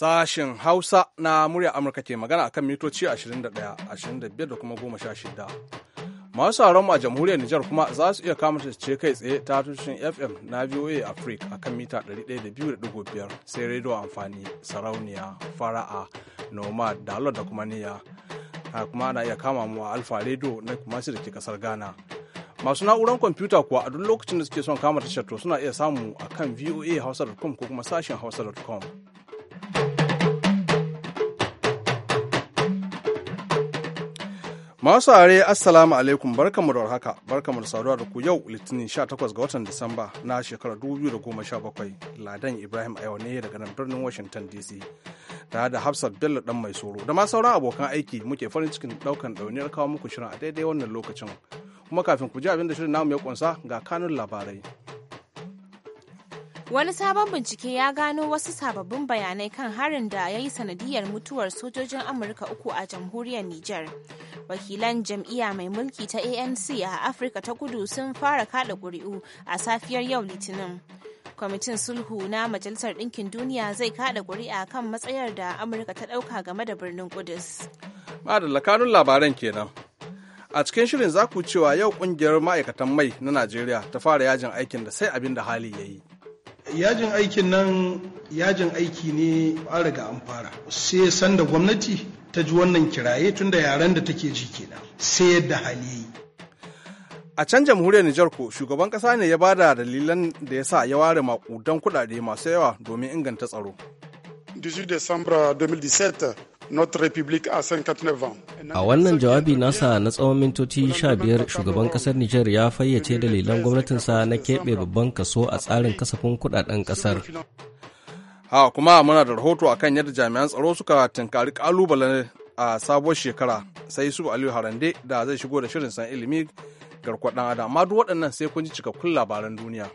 Sashen Hausa na murya Amurka ke magana akan mitoci 21, da kuma 16. Masu sauran a jamhuriyar Nijar kuma za su iya kama ce kai tsaye ta tushen FM na VOA Africa a kan mita 102.5 sai rediyo amfani sarauniya fara'a Nomad, da dalar da kuma niyya. kuma ana iya kama mu a alfa rediyo na kuma su da ke kasar Ghana. masu na'urar kwamfuta kuwa a duk lokacin da suke son kama tashar to suna iya samu a kan voa hausa.com ko kuma sashen hausa.com Masu are assalamu alaikum barkamu da warhaka barkamu da saduwa da ku yau litinin 18 ga watan Disamba na shekarar 2017 Ladan Ibrahim a ne daga nan birnin Washington DC tare da Hafsat Bello dan mai soro da ma sauran abokan aiki muke farin cikin daukan dauniyar kawo muku shirin a daidai wannan lokacin kuma kafin ku ji abin da shirin namu ya kunsa ga kanun labarai Wani sabon bincike ya gano wasu sababbin bayanai kan harin da ya yi sanadiyar mutuwar sojojin Amurka uku a jamhuriyar Nijar. Wakilan jam'iyya mai mulki ta ANC a Afirka ta kudu sun fara kada ƙuri'u a safiyar yau Litinin. kwamitin sulhu na majalisar ɗinkin duniya zai kada ƙuri'a kan matsayar da amurka ta ɗauka game da birnin kudus kanun labaran kenan a cikin shirin zaku cewa yau ƙungiyar ma'aikatan mai na najeriya ta fara yajin aikin da sai abin da hali ya yi yajin aikin nan yajin aiki ne an riga an fara sai sanda gwamnati ta ji wannan kiraye tunda yaren da take ji kenan sai yadda hali yi a can jamhuriyar Nijar ko shugaban kasa ne ya ba da dalilan da ya sa ya ware makudan kuɗaɗe masu yawa domin inganta tsaro. 18 december 2017 notre A wannan jawabi nasa na tsawon mintoci 15 shugaban kasar Nijar ya fayyace dalilan sa na keɓe babban kaso a tsarin kasafin kudaden kasar. Ha kuma muna da rahoto akan yadda jami'an tsaro suka tunkari kalubale a sabuwar shekara sai su Aliyu Harande da zai shigo da shirin san ilimi garkwadan adam amma duk waɗannan sai kun ji cikakkun labaran duniya.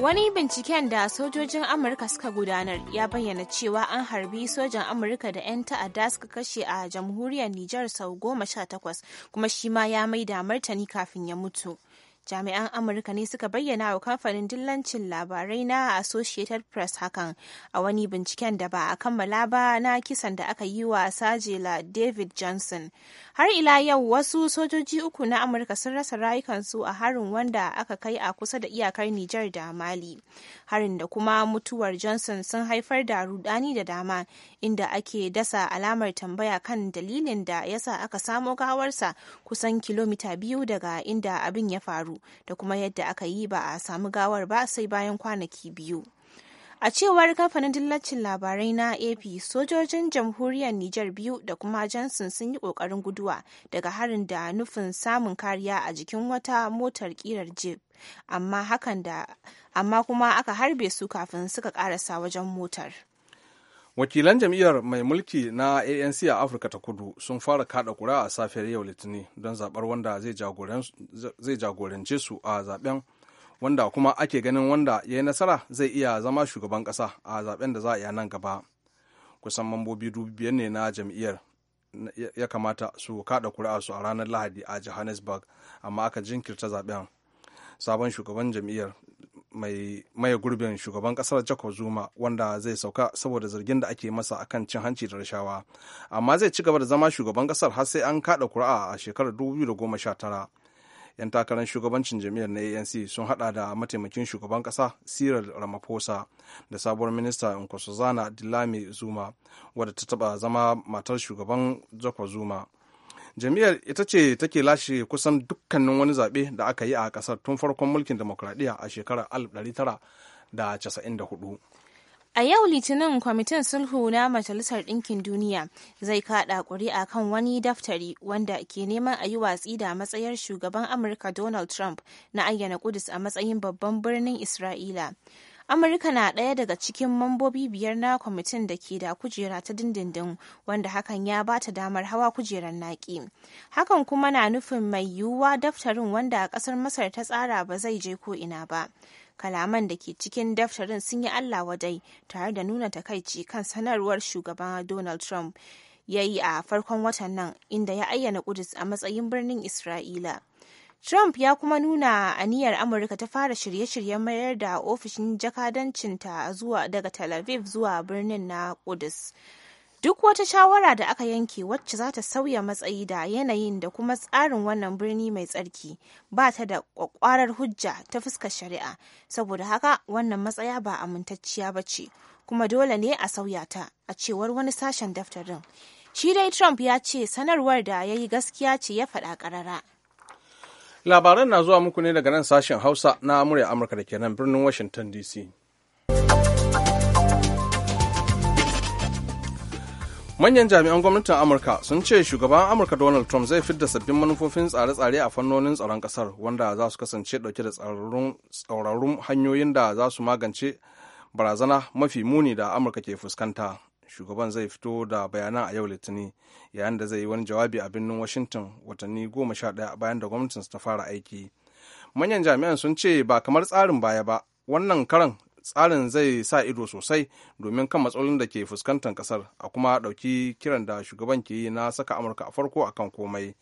Wani binciken da sojojin Amurka suka gudanar ya bayyana cewa an harbi sojan Amurka da 'yan ta'adda suka kashe a jamhuriyar Nijar sau goma sha takwas, kuma shi ma ya mai da martani kafin ya mutu. jami'an amurka ne suka bayyana wa kamfanin dillancin labarai na associated press hakan a wani binciken da ba a kammala ba na kisan da aka yi wa sajela david johnson har ila yau wasu sojoji uku na amurka sun rasa rayukansu a harin wanda aka kai a kusa da iyakar niger da mali harin da kuma mutuwar johnson sun haifar da rudani da dama inda ake dasa alamar tambaya kan dalilin da yasa aka samo gawarsa kusan kilomita biyu daga inda abin ya faru faru da kuma yadda aka yi ba a samu gawar ba sai bayan kwanaki biyu. A cewar kamfanin dillacin labarai na AP, sojojin jamhuriyar Nijar biyu da kuma Johnson sun yi kokarin guduwa daga harin da nufin samun kariya a jikin wata motar kirar jeep, amma, kuma aka harbe su kafin suka karasa wajen motar. wakilan jam'iyyar mai mulki na anc a afirka ta kudu sun fara kada kura a safiyar yau litinin don zabar wanda zai jagorance su a zaben wanda kuma ake ganin wanda ya yi nasara zai iya zama shugaban ƙasa a zaben da za a yi nan gaba kusan mambobi biyar ne na jam'iyyar ya kamata su kada kura su a ranar lahadi a johannesburg amma aka jinkirta zaben sabon shugaban jam'iyyar mai maye gurbin shugaban kasar jacob zuma wanda zai sauka saboda zargin da ake masa akan cin hanci da rashawa amma zai ci gaba da zama shugaban kasar har sai an kada kuri'a a shekarar tara 'yan takarar shugabancin jami'ar na anc sun hada da mataimakin shugaban kasa cyril ramaphosa da sabuwar minista nkosazana dilame zuma wadda ta taba zama matar shugaban jacob zuma jami'ar ita ce take lashe kusan dukkanin wani zaɓe da aka yi a ƙasar tun farkon mulkin demokuraɗiyya a shekarar 1994 A yau Litinin Kwamitin Sulhu na Majalisar Ɗinkin Duniya zai kaɗa ƙuri'a kan wani daftari wanda ke neman a yi watsi da matsayar shugaban Amurka Donald Trump na ayyana Kudus a matsayin babban birnin Isra'ila. Amurka na ɗaya daga cikin mambobi biyar na kwamitin da ke da kujera ta dindindin wanda hakan ya ba ta damar hawa kujerar naƙi. Hakan kuma na nufin mai yiwuwa daftarin wanda a ƙasar Masar ta tsara ba zai je ko ina ba. Kalaman da ke cikin daftarin sun yi Allah wadai tare da nuna takaici kan sanarwar shugaban Donald Trump ya yi a farkon watan nan inda ya ayyana Kudus a matsayin birnin Isra'ila. Trump ya kuma nuna aniyar Amurka ta fara shirye-shiryen mayar da ofishin jakadancinta zuwa daga Tel Aviv zuwa birnin na Kudus. Duk wata shawara da aka yanke wacce za ta sauya matsayi da yanayin da kuma tsarin wannan birni mai tsarki ba ta da kwakwarar hujja ta fuskar shari'a, saboda haka wannan matsaya ba amintacciya ba ce, kuma dole ne a sauya ta a cewar wani sashen daftarin. Shi dai Trump ya ce sanarwar da ya yi gaskiya ce ya faɗa ƙarara. labaran na zuwa muku ne daga nan sashen hausa na murya amurka da ke nan birnin washington dc manyan jami'an gwamnatin amurka sun ce shugaban amurka donald trump zai fidda sabbin manufofin tsare-tsare a fannonin tsaron kasar wanda za su kasance dauke da tsaurarun hanyoyin da za su magance barazana mafi muni da amurka ke fuskanta shugaban zai fito da bayanan a yau litinin yayin da zai yi wani jawabi a birnin washington watanni goma sha daya bayan da gwamnatinsa ta fara aiki manyan jami'an sun ce ba kamar tsarin baya ba wannan karan tsarin zai sa ido sosai domin kan matsalolin da ke fuskantar kasar a kuma dauki kiran da shugaban ke yi na saka amurka a farko akan komai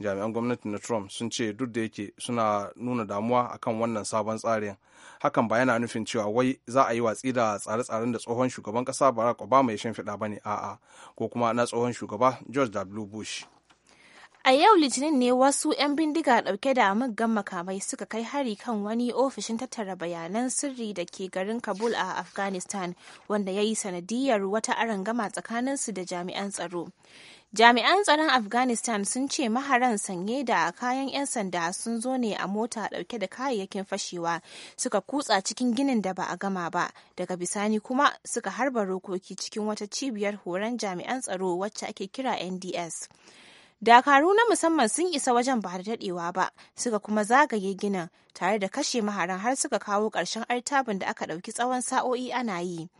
jami'an gwamnati na trump sun ce duk da yake suna nuna damuwa akan wannan sabon tsarin hakan ba yana nufin cewa wai za a yi watsi da tsare-tsaren da tsohon shugaban kasa barack obama ya shimfiɗa ba ne a'a ko kuma na tsohon shugaba george w bush A yau Litinin ne wasu 'yan bindiga ɗauke da muggan makamai suka kai hari kan wani ofishin tattara bayanan sirri da ke garin Kabul a Afghanistan wanda ya yi sanadiyar wata arangama tsakaninsu da jami'an tsaro. Jami'an tsaron Afghanistan sun ce maharan sanye da kayan 'yan sanda sun zo ne a mota dauke da kayayyakin fashewa suka kutsa cikin ginin da ba a gama ba daga bisani kuma suka harba rokoki cikin wata cibiyar horon jami'an tsaro wacce ake kira NDS. Dakaru na musamman sun isa wajen ba da dadewa ba, suka kuma zagaye ginin tare da kashe maharan har suka kawo ƙarshen artabin da aka ɗauki tsawon sa'o'i ana yi.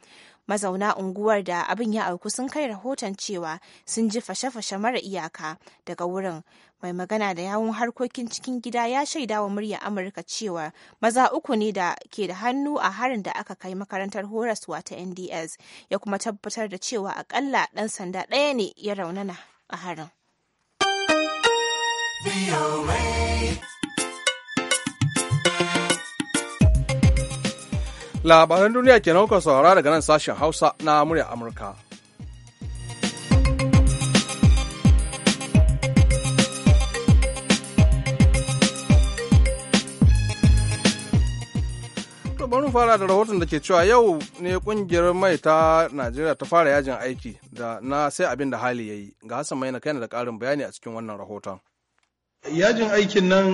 mazauna unguwar da abin ya auku sun kai rahoton cewa sun ji fashe-fashe mara iyaka daga wurin mai magana da yawun harkokin cikin gida ya shaida wa murya amurka cewa maza uku ne da ke da hannu a harin da aka kai makarantar horaswa ta nds ya kuma tabbatar da cewa akalla dan sanda ɗaya ne ya raunana a harin. labaran duniya ke nauka saurara daga nan sashen hausa na murya amurka bari fara da rahoton da ke cewa yau ne kungiyar mai ta najeriya ta fara yajin aiki da na sai abin da hali ya yi ga hassan mai na kai da karin bayani a cikin wannan rahoton yajin aikin nan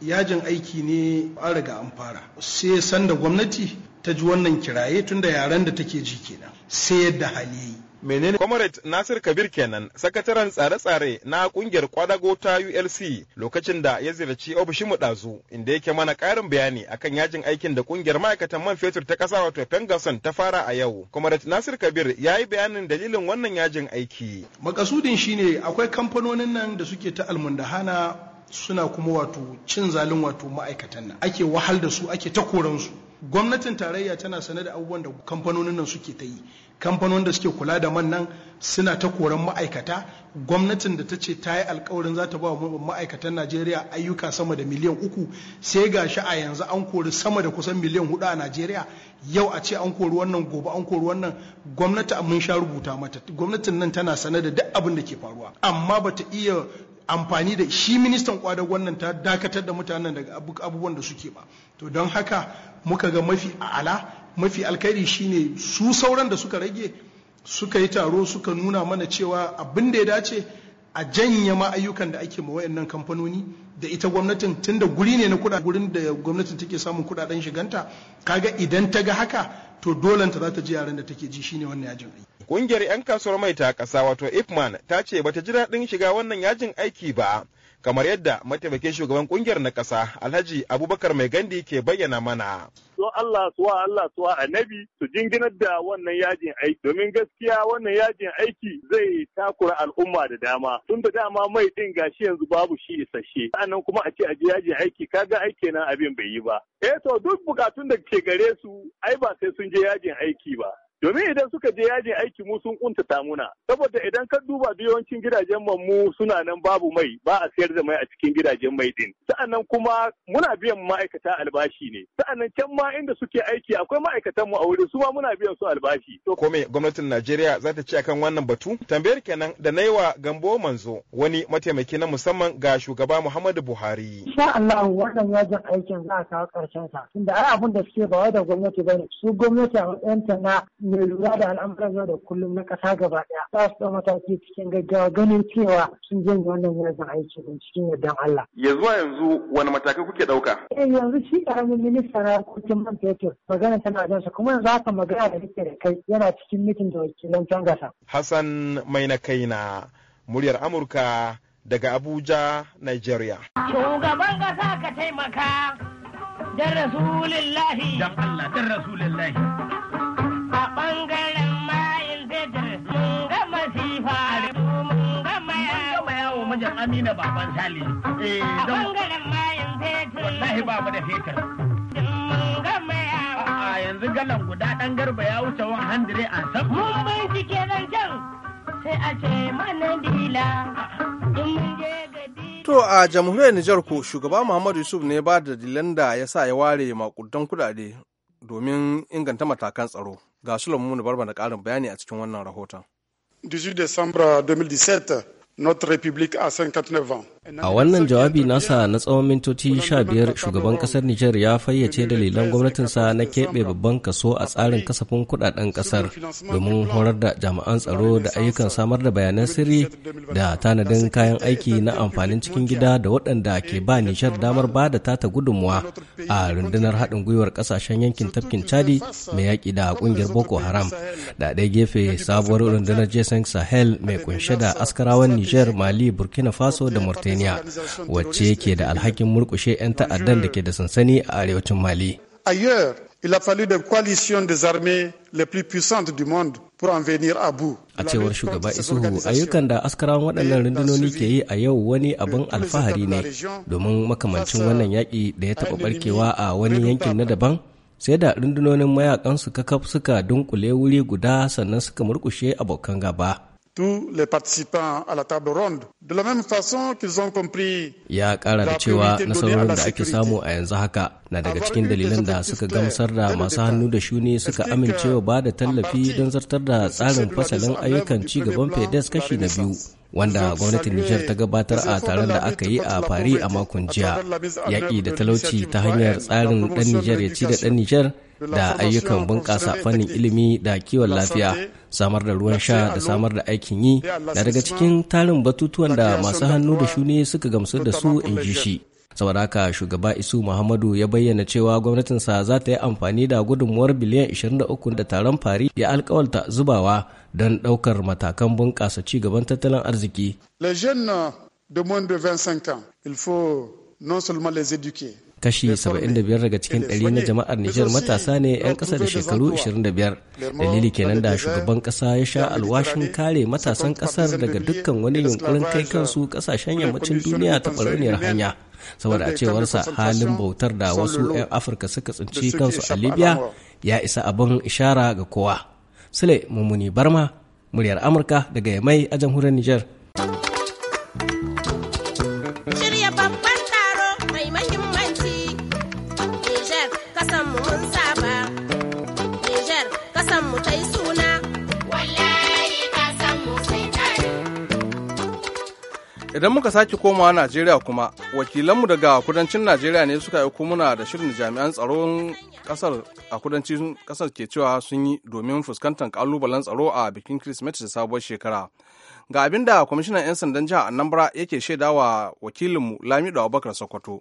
yajin aiki ne an riga an fara sai sanda gwamnati ta ji wannan kiraye tunda yaren da take ji kenan sai yadda hali yi menene comrade nasir kabir kenan sakataren tsare-tsare na kungiyar kwadago ta ulc lokacin da ya ziyarci ofishin mu dazu inda yake mana karin bayani akan yajin aikin da kungiyar ma'aikatan man fetur ta kasa wato pengason ta fara a yau comrade nasir kabir ya yi bayanin dalilin wannan yajin aiki makasudin shine akwai kamfanonin nan da suke ta almundahana suna kuma wato cin zalin wato ma'aikatan nan ake wahal da su ake ta koransu gwamnatin tarayya tana sane da abubuwan da kamfanonin nan suke ta yi kamfanonin da suke kula da man nan suna ta koran ma'aikata gwamnatin da ta ce ta yi alkawarin za ta ba wa ma'aikatan najeriya ayyuka sama da miliyan uku sai ga shi a yanzu an kori sama da kusan miliyan hudu a najeriya yau a ce an kori wannan gobe an kori wannan gwamnati mun sha rubuta mata gwamnatin nan tana sane da duk abin da ke faruwa amma bata iya amfani da shi ministan kwadar wannan ta dakatar da mutanen daga abubuwan da suke ba to don haka muka ga mafi ala mafi alkhairi shine su sauran da suka rage suka yi taro suka nuna mana cewa abin da ya dace a janye ma'ayyukan ayyukan da ake ma wayannan kamfanoni da ita gwamnatin tun da guri ne na kuɗa gurin da gwamnatin take samun kuɗaɗen shiganta kaga idan ta ga haka to dolanta za ta ji yaran da take ji shine wannan yajin aiki Ƙungiyar 'yan kasuwar mai ta ƙasa wato Ipman ta ce ba ta ji daɗin shiga wannan yajin aiki ba. kamar yadda mataimakin shugaban kungiyar na ƙasa alhaji abubakar mai gandi ke bayyana mana So Allah suwa Allah suwa annabi su jinginar da wannan yajin aiki domin gaskiya wannan yajin aiki zai takura al'umma da dama tun da dama mai din gashi yanzu babu shi isasshe sannan kuma a ce a ji yajin aiki kaga aiki nan abin bai yi ba eh to duk bukatun da ke gare su ai ba sai sun je yajin aiki ba Domin idan suka je yajin aiki mu sun kuntata muna, saboda idan ka duba yawancin gidajen mu suna nan babu mai ba a sayar da mai a cikin gidajen mai din. Sa'annan kuma muna biyan ma'aikata albashi ne. Sa'annan can ma inda suke aiki akwai ma'aikatan mu a wuri su ma muna biyan su albashi. To ko gwamnatin Najeriya za ta ci akan wannan batu? Tambayar kenan da na yi wa Gambo Manzo wani mataimaki na musamman ga shugaba Muhammadu Buhari. Insha Allah wannan yajin aikin za a kawo ƙarshen sa. Tunda ai abin da suke ba wai da gwamnati bane. Su gwamnati a 'yan na mai lura da al'amuran yau da kullum na kasa gaba ɗaya za su ɗau mataki cikin gaggawa ganin cewa sun janye wannan yajin aiki din cikin yardan Allah. Ya zuwa yanzu wani matakai kuke ɗauka? Eh yanzu shi ƙaramin minista na harkokin man fetur magana tana jansa kuma yanzu haka magana da nake da kai yana cikin mitin da wakilan can gasa. Hassan mai na kaina muryar Amurka daga Abuja, Nigeria. Shugaban ƙasa ka taimaka. Dan Rasulillahi. Dan Allah, dan Rasulillahi. fetur mun amina baban sali bangaren fetur wallahi ba mu da fetur mun ga a yanzu galan guda garba ya wuce 100 an san mun nan can sai a ce mana dila To a jamhuriyar Nijar ko shugaba Muhammadu Yusuf ne ba da dilan da ya sa ya ware makudan kudade domin inganta matakan tsaro Ga Sulaiman Barba da ƙarin bayani a cikin wannan rahoton. 18 décembre 2017, notre République a 59 ans. A wannan jawabi nasa na tsawon mintoci sha biyar shugaban kasar Nijar ya fayyace dalilan gwamnatinsa na keɓe babban kaso a tsarin kasafin kudaden kasar domin horar da jami'an tsaro da ayyukan samar da bayanan sirri da tanadin kayan aiki na amfanin cikin gida da waɗanda ke ba Nijar damar ba da tata gudunmuwa a rundunar haɗin gwiwar ƙasashen yankin tafkin Chadi mai yaƙi da ƙungiyar Boko Haram. Da ɗaya gefe sabuwar rundunar Jason Sahel mai kunshe da askarawan Nijar, Mali, Burkina Faso da Mauritania. Birtaniya wacce ke da alhakin murkushe 'yan ta'addan da ke da sansani a arewacin Mali. Il a fallu des coalitions des armées les plus puissantes du A cewar shugaba Isuhu ayyukan da askarawan waɗannan rundunoni ke yi a yau wani abin alfahari ne domin makamancin wannan yaƙi da ya taɓa barkewa a wani yankin na daban sai da rundunonin mayakan su kaf suka dunkule wuri guda sannan suka murkushe abokan gaba. tous les participants à la table ronde de la ya kara da cewa nasarorin da ake samu a yanzu haka na daga cikin dalilan da suka gamsar da masu hannu da shuni suka amincewa ba da tallafi don zartar da tsarin fasalin ayyukan ci gaban fedes kashi na biyu wanda gwamnatin Nijar ta gabatar a taron da aka yi a Paris a makon jiya. Yaƙi da talauci ta hanyar tsarin ɗan Nijar ya ci da ɗan Nijar da ayyukan bunƙasa fannin ilimi da kiwon lafiya samar da ruwan sha da samar da aikin yi da daga cikin tarin batutuwan da masu hannu da shuni suka gamsu da su in ji shi saboda haka shugaba isu muhammadu ya bayyana cewa gwamnatinsa za ta yi amfani da gudunmuwar biliyan 23 da taron fari ya alkawalta zubawa don ɗaukar matakan bunƙasa ci gaban tattalin arziki. Les jeunes de moins les éduquer, kashi 75 daga cikin ɗari na jama'ar Nijar matasa ne 'yan ƙasa da shekaru 25 dalili kenan da shugaban ƙasa ya sha alwashin kare matasan ƙasar daga dukkan wani yunkurin kai kansu ƙasashen yammacin duniya ta ɓarauniyar hanya saboda a cewarsa halin bautar da wasu 'yan afirka suka tsinci kansu a libya ya isa abin ishara ga kowa sule mummuni barma muryar amurka daga yamai a jamhuriyar nijar Idan muka sake komawa Najeriya kuma, wakilanmu daga kudancin Najeriya ne suka aiko muna da shirin jami'an tsaron kasar a kudancin kasar ke cewa sun yi domin fuskantar kalubalen tsaro a bikin Kirsimeti da sabuwar shekara. Ga abin da kwamishinan 'yan sandan jiha Anambra yake shaida wa wakilinmu Lamido Abubakar Sokoto.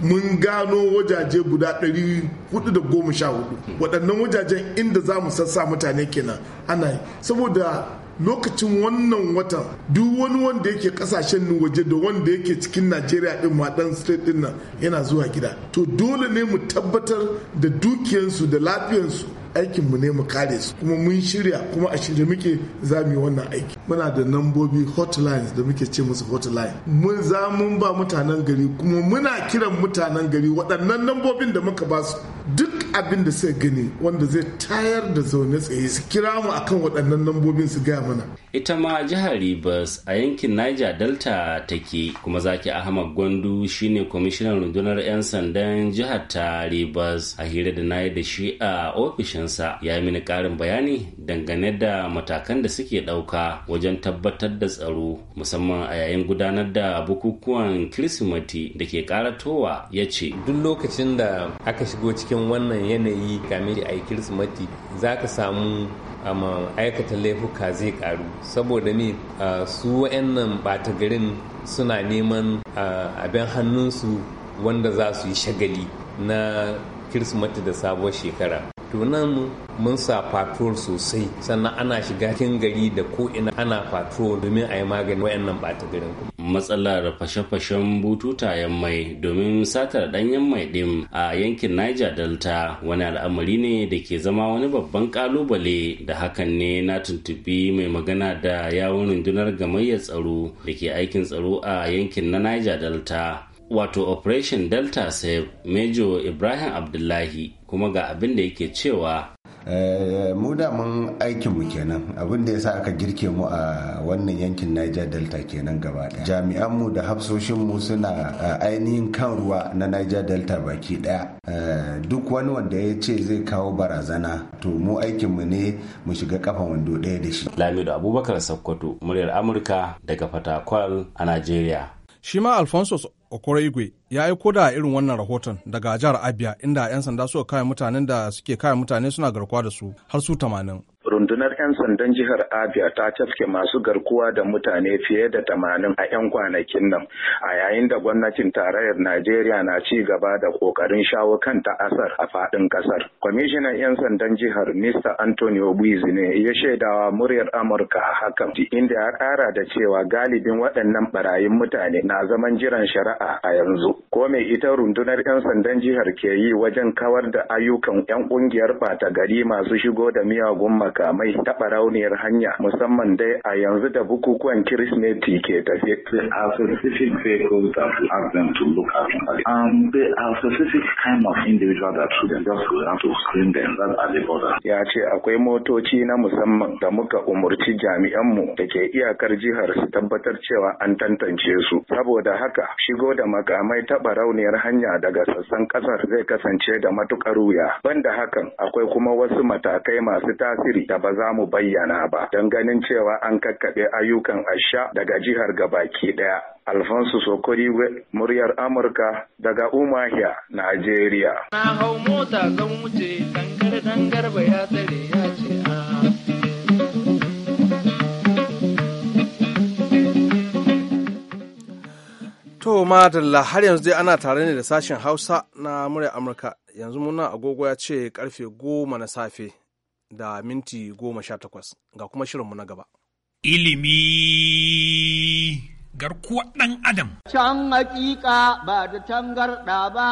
mun gano wajaje guda 414 waɗannan wajajen inda za mu sassa mutane kenan ana saboda lokacin wannan watan duk wani wanda yake kasashen waje da wanda yake cikin najeriya din ma dan state din nan yana zuwa gida to dole ne mu tabbatar da dukiyansu da lafiyansu aikin mu ne mu kare su kuma mun shirya kuma a shirye muke za mu yi wannan aiki muna da nambobi hotlines da muke ce musu hotline mun za mun ba mutanen gari kuma muna kiran mutanen gari waɗannan nambobin da muka ba su duk abin da suka gani wanda zai tayar da zaune tsaye su kira mu akan waɗannan nambobin su gaya mana ita ma jihar Rivers a yankin Niger Delta take kuma zaki Ahmad Gwandu shine kwamishinan rundunar 'yan sandan jihar ta Rivers a hira da na yi da shi a ofishin sa ya yi mini ƙarin bayani dangane da matakan da suke ɗauka wajen tabbatar da tsaro musamman a yayin gudanar da bukukuwan kirsimati da ke ƙaratowa ya ce duk lokacin da aka shigo cikin wannan yanayi game a yi kirsimati za ka samu amma um, aikata laifuka zai karu saboda me uh, su wa'annan ɓata garin suna neman uh, abin hannunsu wanda za su yi shagali na kirsimati da sabuwar shekara to nan mun sa patrol sosai sannan ana shiga cikin gari da ko ina ana patrol domin a yi magani wayannan bata garin kuma matsalar fashe-fashen yan mai domin satar danyen mai ɗin a yankin niger delta wani al'amari ne da ke zama wani babban ƙalubale da hakan ne na tuntubi mai magana da yawon rundunar gamayyar tsaro da ke aikin tsaro a yankin na niger delta wato operation delta sai major ibrahim abdullahi kuma ga abin da yake cewa eh, mu da mun aikin mu kenan abin da ya sa aka girke mu a wannan yankin Niger Delta kenan gaba daya jami'an mu da hafsoshin mu suna eh, ainihin kan ruwa na Niger Delta baki ɗaya. Eh, duk wani wanda ya ce zai kawo barazana to mu aikin mu ne mu shiga kafan wando ɗaya da shi Lamido Abubakar Sakkwato muryar Amurka daga Fatakwal a Najeriya shi ma Alphonsus okoro igwe ya aiko da irin wannan rahoton daga jihar abia inda 'yan sanda suka kawo mutanen da suke kawo mutane suna garkuwa da su har su tamanin rundunar 'yan sandan jihar abia ta tafke masu garkuwa da mutane fiye da tamanin a 'yan kwanakin nan a yayin da gwamnatin tarayyar najeriya na ci gaba da kokarin shawo kan ta'asar a faɗin ƙasar kwamishinan 'yan sandan jihar mr antonio buizi ne ya shaidawa muryar amurka a hakan inda ya ƙara da cewa galibin waɗannan barayin mutane na zaman jiran shari'a a yanzu ko mai ita rundunar 'yan sandan jihar ke yi wajen kawar da ayyukan 'yan ƙungiyar Bata gari masu shigo da miyagun makamai taɓa rauniyar hanya musamman dai a yanzu da bukukuwan Kirsimeti ke tafe. They are specific vehicles that we ask them to look at. Um, they are specific kind of individual that can just we have to screen them that are the border. Ya ce akwai motoci na musamman da muka umurci jami'anmu da ke iyakar jihar su tabbatar cewa an tantance su. Saboda haka shigo da makamai ta rauniyar hanya daga sassan ƙasar zai kasance da matuƙar wuya. Banda hakan akwai kuma wasu matakai masu tasiri da ba za mu bayyana ba don ganin cewa an kakkaɓe ayyukan asha daga jihar gabaki ɗaya. Alfonso Sokori muryar Amurka daga Umahia, Najeriya. Na hau mota zan wuce dangar dangar ba ya tsare ya ce ah. To madalla har yanzu dai ana tare ne da sashen Hausa na murya Amurka yanzu muna agogo ya ce karfe goma na safe da minti goma sha takwas ga kuma shirinmu na gaba. Ilimi garkuwa ɗan Adam. Can hakika ba da tangarɗa ba,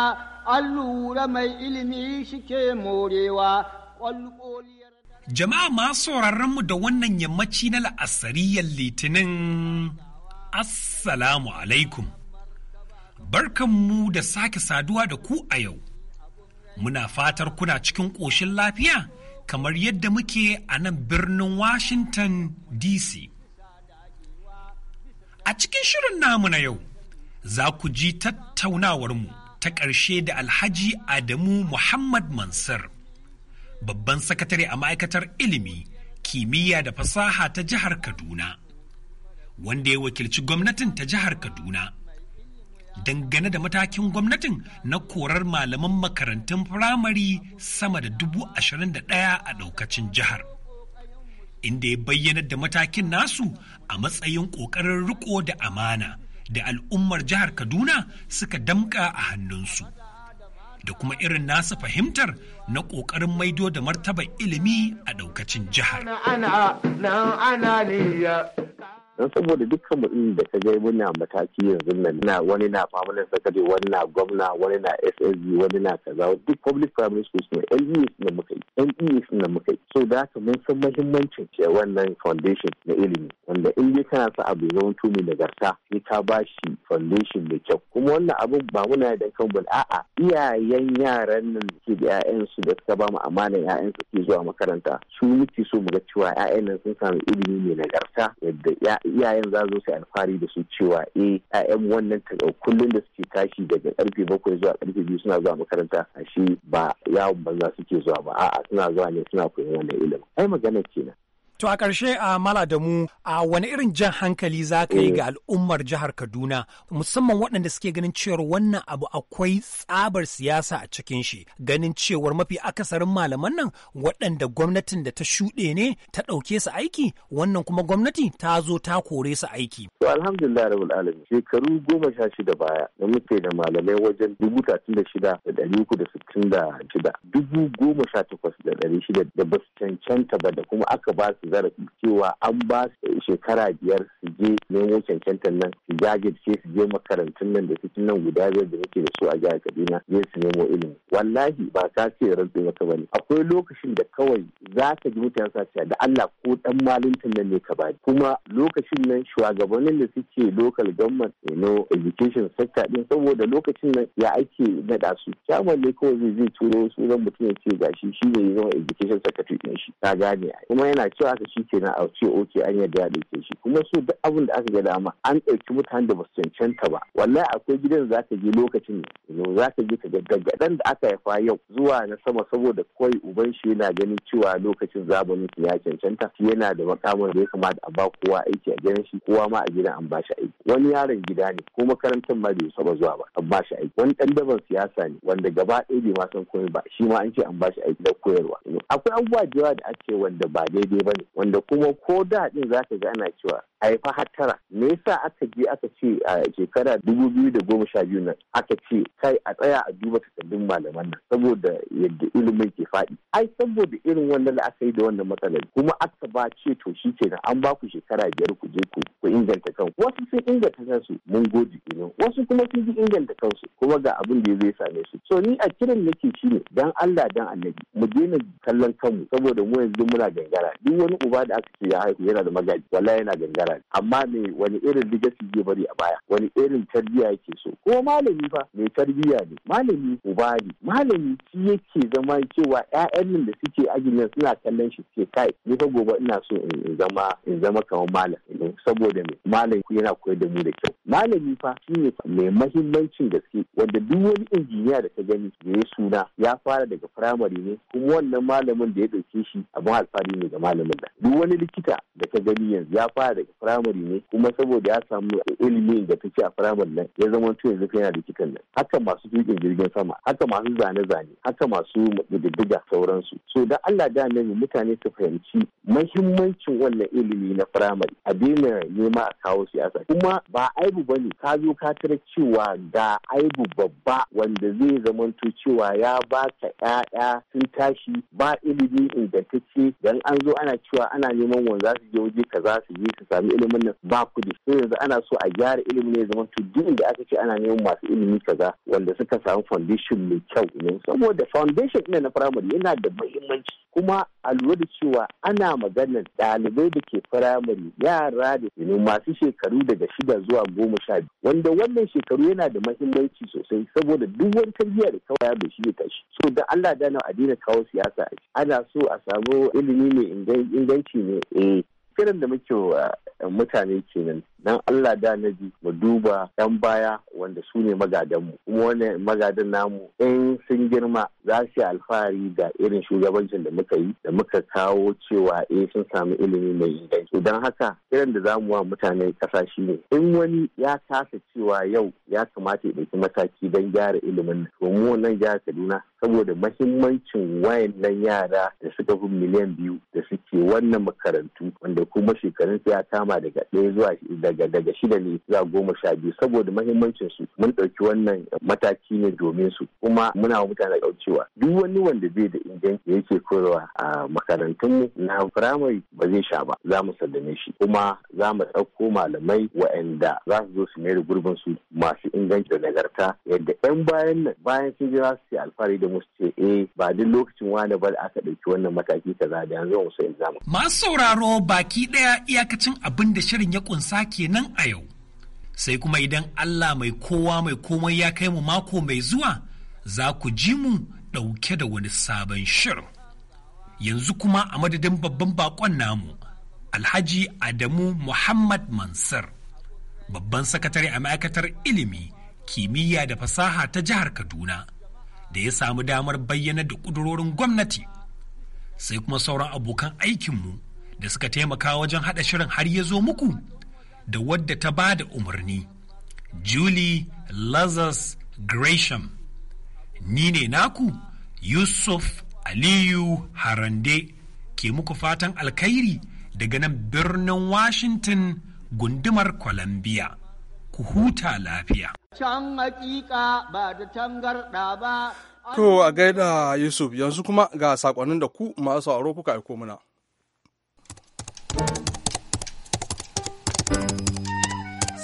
an lura mai ilimi shi ke morewa, ƙwalƙoliyar. Jama'a masu mu da wannan yammaci na la'asariyar litinin Assalamu alaikum. barkan mu da sake saduwa da ku a yau. Muna fatar kuna cikin ƙoshin lafiya? kamar yadda muke a nan birnin Washington DC. A cikin shirin namu na yau, za ku ji tattaunawarmu ta ƙarshe da Alhaji Adamu Muhammad Mansur, babban sakatare a ma'aikatar ilimi, kimiyya da fasaha ta jihar Kaduna, wanda ya wakilci gwamnatin ta jihar Kaduna. dangane da matakin gwamnatin na korar malaman makarantun firamare sama da dubu ashirin da ɗaya a ɗaukacin jihar. Inda ya bayyana da matakin nasu a matsayin ƙoƙarin riko da amana da al'ummar jihar Kaduna suka damƙa a hannunsu. Da kuma irin nasu fahimtar na ƙoƙarin maido da martaba ilimi a ɗaukacin jihar. don saboda dukkan mutum da ka gai muna mataki yanzu nan na wani na permanent secretary wani na gwamna wani na ssg wani na kaza duk public primary schools ne lbs e ne muka yi lbs e ne muka yi so da haka mun san mahimmancin wannan foundation na ilimi wanda in dai kana sa abu ya zama mai nagarta sai ka ba shi foundation mai kyau kuma wannan abin ba muna da kan bul a'a iyayen yaran nan da ke da ƴaƴan su da suka ba mu amana ƴaƴan su ke zuwa makaranta su muke so mu ga cewa ƴaƴan nan sun samu ilimi mai garta. yadda iyayen za su alfahari da su cewa eh ƴaƴan wannan ta kullum da suke tashi daga karfe bakwai zuwa karfe biyu suna zuwa makaranta ashe ba yawon banza suke zuwa ba a'a suna zuwa ne suna koyon wannan ilimin ai magana kenan To a ƙarshe a mu a wani irin jan hankali za ka yi ga eh. al'ummar jihar Kaduna musamman waɗanda suke ganin cewar wannan abu akwai tsabar siyasa a cikin shi ganin cewar mafi akasarin malaman nan waɗanda gwamnatin da ta shuɗe ne ta ɗauke su aiki wannan kuma gwamnati ta zo ta kore su aiki. To alhamdulillah rabul alamin shekaru goma sha shida baya da muke da malamai wajen dubu talatin da shida da ɗari uku da sittin da shida dubu goma sha takwas ɗari shida da ba su cancanta ba da kuma aka ba su zarafi cewa an ba su shekara biyar su je nemo cancantar nan su jajirce su je makarantun nan da cikin nan guda biyar da nake da su a jihar Kaduna je su nemo ilimi wallahi ba ka ce rantsi maka bane akwai lokacin da kawai za ka ji mutane sa cewa da Allah ko dan malintan nan ne ka bani kuma lokacin nan shugabannin da suke local government no education sector din saboda lokacin nan ya ake nada su chairman ne kawai zai zai turo sunan mutum ya ce gashi shi ne ya zama education secretary din shi ka gane kuma yana cewa ka shi kenan a ce an yarda ya ɗauke shi kuma so duk abin da aka ga dama an ɗauki mutanen da ba su cancanta ba wallahi akwai gidan za ka je lokacin yau za ka je ka ga gaggaɗan da aka haifa yau zuwa na sama saboda kawai uban shi yana ganin cewa lokacin zabanin su ya cancanta shi yana da makamar da ya kamata a ba kowa aiki a gidan shi kowa ma a gidan an ba shi aiki wani yaron gida ne ko makarantar ma bai saba zuwa ba an ba shi aiki wani ɗan daban siyasa ne wanda gaba ɗaya bai ma san komai ba shi ma an ce an ba shi aiki da koyarwa akwai abubuwa da yawa da ake wanda ba daidai ba ne wanda kuma kuma ko da din za ka ga ana cewa a yi fahattara me yasa aka je aka ce a shekara dubu biyu da goma sha biyu nan aka ce kai a tsaya a duba takardun malaman nan saboda yadda ilimin ke faɗi ai saboda irin wanda da aka yi da wannan matsalar kuma aka ba ce to shi kenan an ba ku shekara biyar ku je ku inganta kan wasu sun inganta kansu mun gode ino wasu kuma sun ji inganta kansu kuma ga abin da ya zai same su so ni a kiran nake ne, dan Allah dan Annabi mu daina kallon kanmu saboda mu yanzu muna gangara duk wani uba da aka su ya haihu yana da magaji wallahi yana gangara amma me wani irin legacy zai bari a baya wani irin tarbiyya yake so ko malami fa mai tarbiyya ne malami uba ne malami shi yake zama cewa ƴaƴan nan da suke ajin nan suna kallon shi suke kai ni fa gobe ina so in zama in zama kamar malam saboda me malam yana koyar da mu da kyau malami fa shine mai mahimmancin gaske wanda duk wani injiniya da ta gani da ya suna ya fara daga firamare ne kuma wannan malamin da ya ɗauke shi abin alfahari ne ga malamin da duk wani likita da ta gani yanzu ya fara daga firamare ne kuma saboda ya samu ilimi da take a firamare nan ya zama to yanzu yana likitan nan haka masu tuƙin jirgin sama haka masu zane-zane haka masu diddiga sauransu so da Allah da annabi mutane su fahimci mahimmancin wannan ilimi na firamare a daina nema a kawo siyasa kuma ba ai aibu ba ne ka zo ka tara cewa ga aibu babba wanda zai zamanto cewa ya baka ƴaƴa sun tashi ba ilimi ingantacce dan an zo ana cewa ana neman wanda su je waje kaza su je su sami ilimin nan ba kudi sai yanzu ana so a gyara ilimi ne zaman duk da aka ce ana neman masu ilimi kaza wanda suka samu foundation mai kyau ne saboda foundation na primary yana da muhimmanci kuma a lura da cewa ana maganar ɗalibai da ke firamare yara da masu shekaru daga shida zuwa goma sha biyu wanda wannan shekaru yana da mahimmanci sosai saboda duk wani tarbiyya da kawai da shi ta tashi so da Allah dana a adina kawo siyasa ana so a samu ilimi mai inganci ne eh kiran da muke wa eh, mutane kenan dan Allah da nabi mu duba yan baya wanda su ne magadanmu kuma wannan magadan namu in sun girma za su yi alfahari da irin shugabancin da muka yi da muka kawo cewa eh sun samu ilimi mai inganci don haka kiran da zamu wa mutane kasa shi ne in wani ya kasa cewa yau ya kamata ya ɗauki mataki don gyara ilimin to mu wannan jihar Kaduna saboda mahimmancin wayannan yara da suka fi miliyan biyu da suke wannan makarantu wanda kuma shekarun ya kama daga ɗaya zuwa daga shida ne zuwa goma sha biyu saboda mahimmancin su mun ɗauki wannan mataki ne domin su kuma muna wa mutane cewa duk wani wanda bai da inganci yake koyarwa a mu na firamare ba zai sha ba za mu sallame shi kuma za mu ɗauko malamai waɗanda za su zo su mayar gurbin su masu inganci da nagarta yadda 'yan bayan nan bayan sun je za su ce alfahari da musu ce eh ba duk lokacin wani ba da aka ɗauki wannan mataki kaza da yanzu wasu in zamu. Masu sauraro baki ɗaya iyakacin abin da shirin ya ƙunsa ke kenan a yau sai kuma idan Allah mai kowa mai komai ya kai mu mako mai zuwa za ku ji mu ɗauke da wani sabon shirin. Yanzu kuma a madadin babban bakon namu, Alhaji Adamu Muhammad Mansur, babban sakatare a ma'aikatar ilimi, kimiyya da fasaha ta jihar Kaduna, da ya samu damar bayyana da ƙudurorin gwamnati. Sai kuma sauran abokan aikinmu da suka taimaka wajen haɗa shirin har ya zo muku. da wadda ta ba da umarni julie lazarus gresham ni ne naku yusuf aliyu harande ke muku fatan alkhairi daga nan birnin washington gundumar columbia ku huta lafiya can hakika ba da tangarda ba To a gaida Yusuf yanzu kuma ga saƙonnin da ku masu sauraro kuka aiko mana.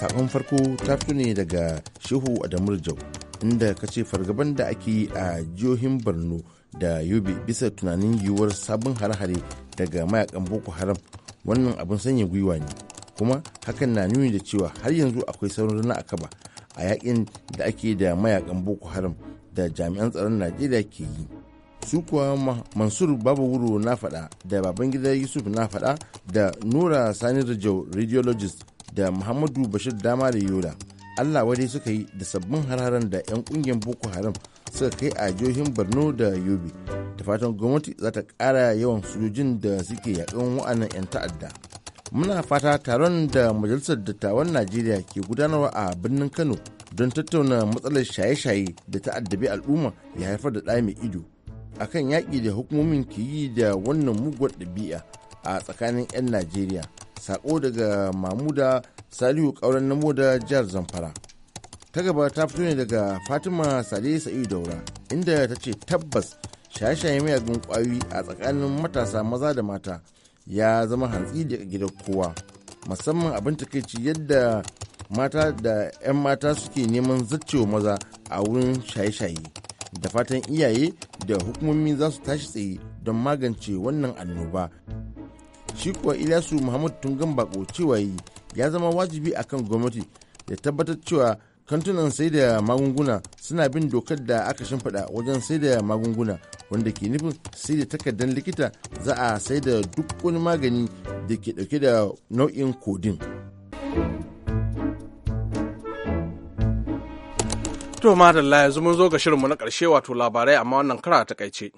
sakon farko ta fito ne daga shehu adamu damurjau inda ka ce fargaban da ake yi a jihohin borno da yobe bisa tunanin yiwuwar sabon hare-hare daga mayakan boko haram wannan abin sanya gwiwa ne kuma hakan na nuni da cewa har yanzu akwai sauran rana a kaba a yakin da ake da mayakan boko haram da jami'an tsaron najeriya ke yi su kuwa mansur babu wuro na faɗa da baban gida yusuf na faɗa da nura sani rajau radiologist da muhammadu bashir dama da yola allah wadai suka yi da sabbin har har-haren da 'yan kungiyar boko haram suka kai a jihohin borno da yobe da fatan gwamnati za ta ƙara yawan sojojin da suke yaƙin wa'annan 'yan ta'adda muna fata taron da majalisar dattawan najeriya ke gudanarwa a birnin kano don tattauna matsalar shaye-shaye da ta'addabi al'umma ya haifar da ɗa mai ido akan yaƙi da hukumomin ke yi da wannan muguwar ɗabi'a a tsakanin 'yan najeriya sako daga mamuda salihu ƙauren namo da jihar zamfara ta gaba ta fito ne daga fatima sale sa'idu daura inda ta ce tabbas shaye-shaye mayagun ƙwayoyi a tsakanin matasa maza da mata ya zama hantsi da gidan kowa musamman abin takaici yadda mata da 'yan mata suke neman zaccewa maza a wurin shaye-shaye da fatan iyaye da hukumomi za su tashi tsaye don magance wannan annoba shi kuwa ilyasu muhammad tungan bako cewa yi ya zama wajibi akan gwamnati da tabbatar cewa kantunan sai da magunguna suna bin dokar da aka shimfiɗa wajen sai da magunguna wanda ke nufin sai da takardar likita za a sai da duk wani magani da ke ɗauke da nau'in kodin. To madalla yanzu mun zo ga shirinmu na ƙarshe wato labarai amma wannan kara ta kaice.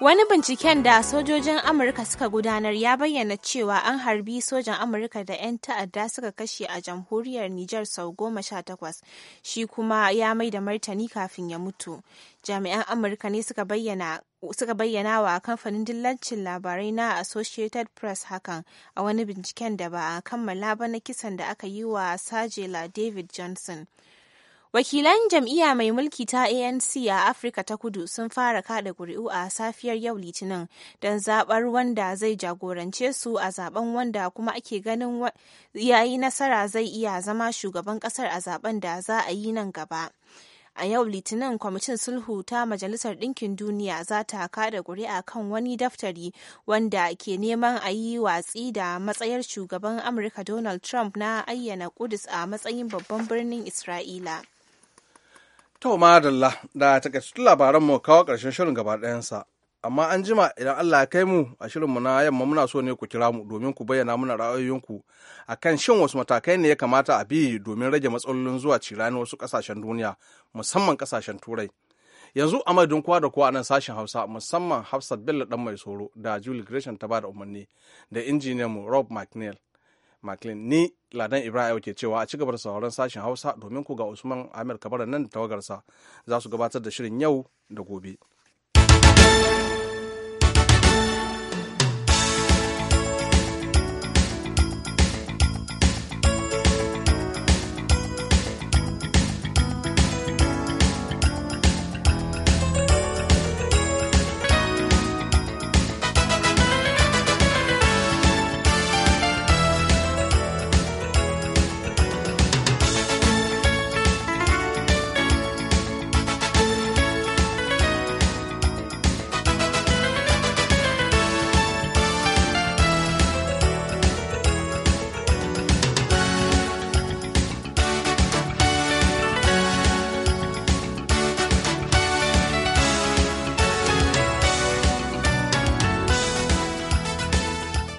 Wani binciken da sojojin Amurka suka gudanar ya bayyana cewa an harbi sojan Amurka da 'yan ta'adda suka kashe a jamhuriyar Nijar sau goma sha takwas, shi kuma ya mai da martani kafin ya mutu. Jami'an Amurka ne suka bayyana suka bayyana wa kamfanin dillancin labarai na associated press hakan a wani binciken da ba a kammala ba na kisan da aka yi wa sajela david johnson wakilan jam'iyya mai mulki ta anc a afirka ta kudu sun fara kada ƙuri'u a safiyar yau litinin don zaɓar wanda zai jagorance su a zaben wanda kuma ake ganin yayi nasara zai iya zama shugaban ƙasar a zaben da za a yi nan gaba A yau Litinin kwamitin sulhu ta Majalisar Ɗinkin Duniya za ta kada ƙuri'a kan wani daftari wanda ke neman a yi watsi da matsayar shugaban Amurka Donald Trump na ayyana Kudus a matsayin babban birnin Isra'ila. To madalla da takaitattun labaran kawo ƙarshen shirin gaba ɗayansa amma an jima idan Allah ya kai mu a shirinmu na yamma muna so ne ku kira mu domin ku bayyana muna ra'ayoyinku a kan shin wasu matakai ne ya kamata a bi domin rage matsalolin zuwa cirani wasu kasashen duniya musamman kasashen turai yanzu a madadin kowa da kowa nan sashen hausa musamman hafsat bello dan mai soro da julie gresham ta bada umarni da injiniyan mu rob mcneil mclean ni ladan ibrahim ke cewa a cigaba da sauran sashen hausa domin ku ga usman amir kabara nan da tawagarsa za su gabatar da shirin yau da gobe.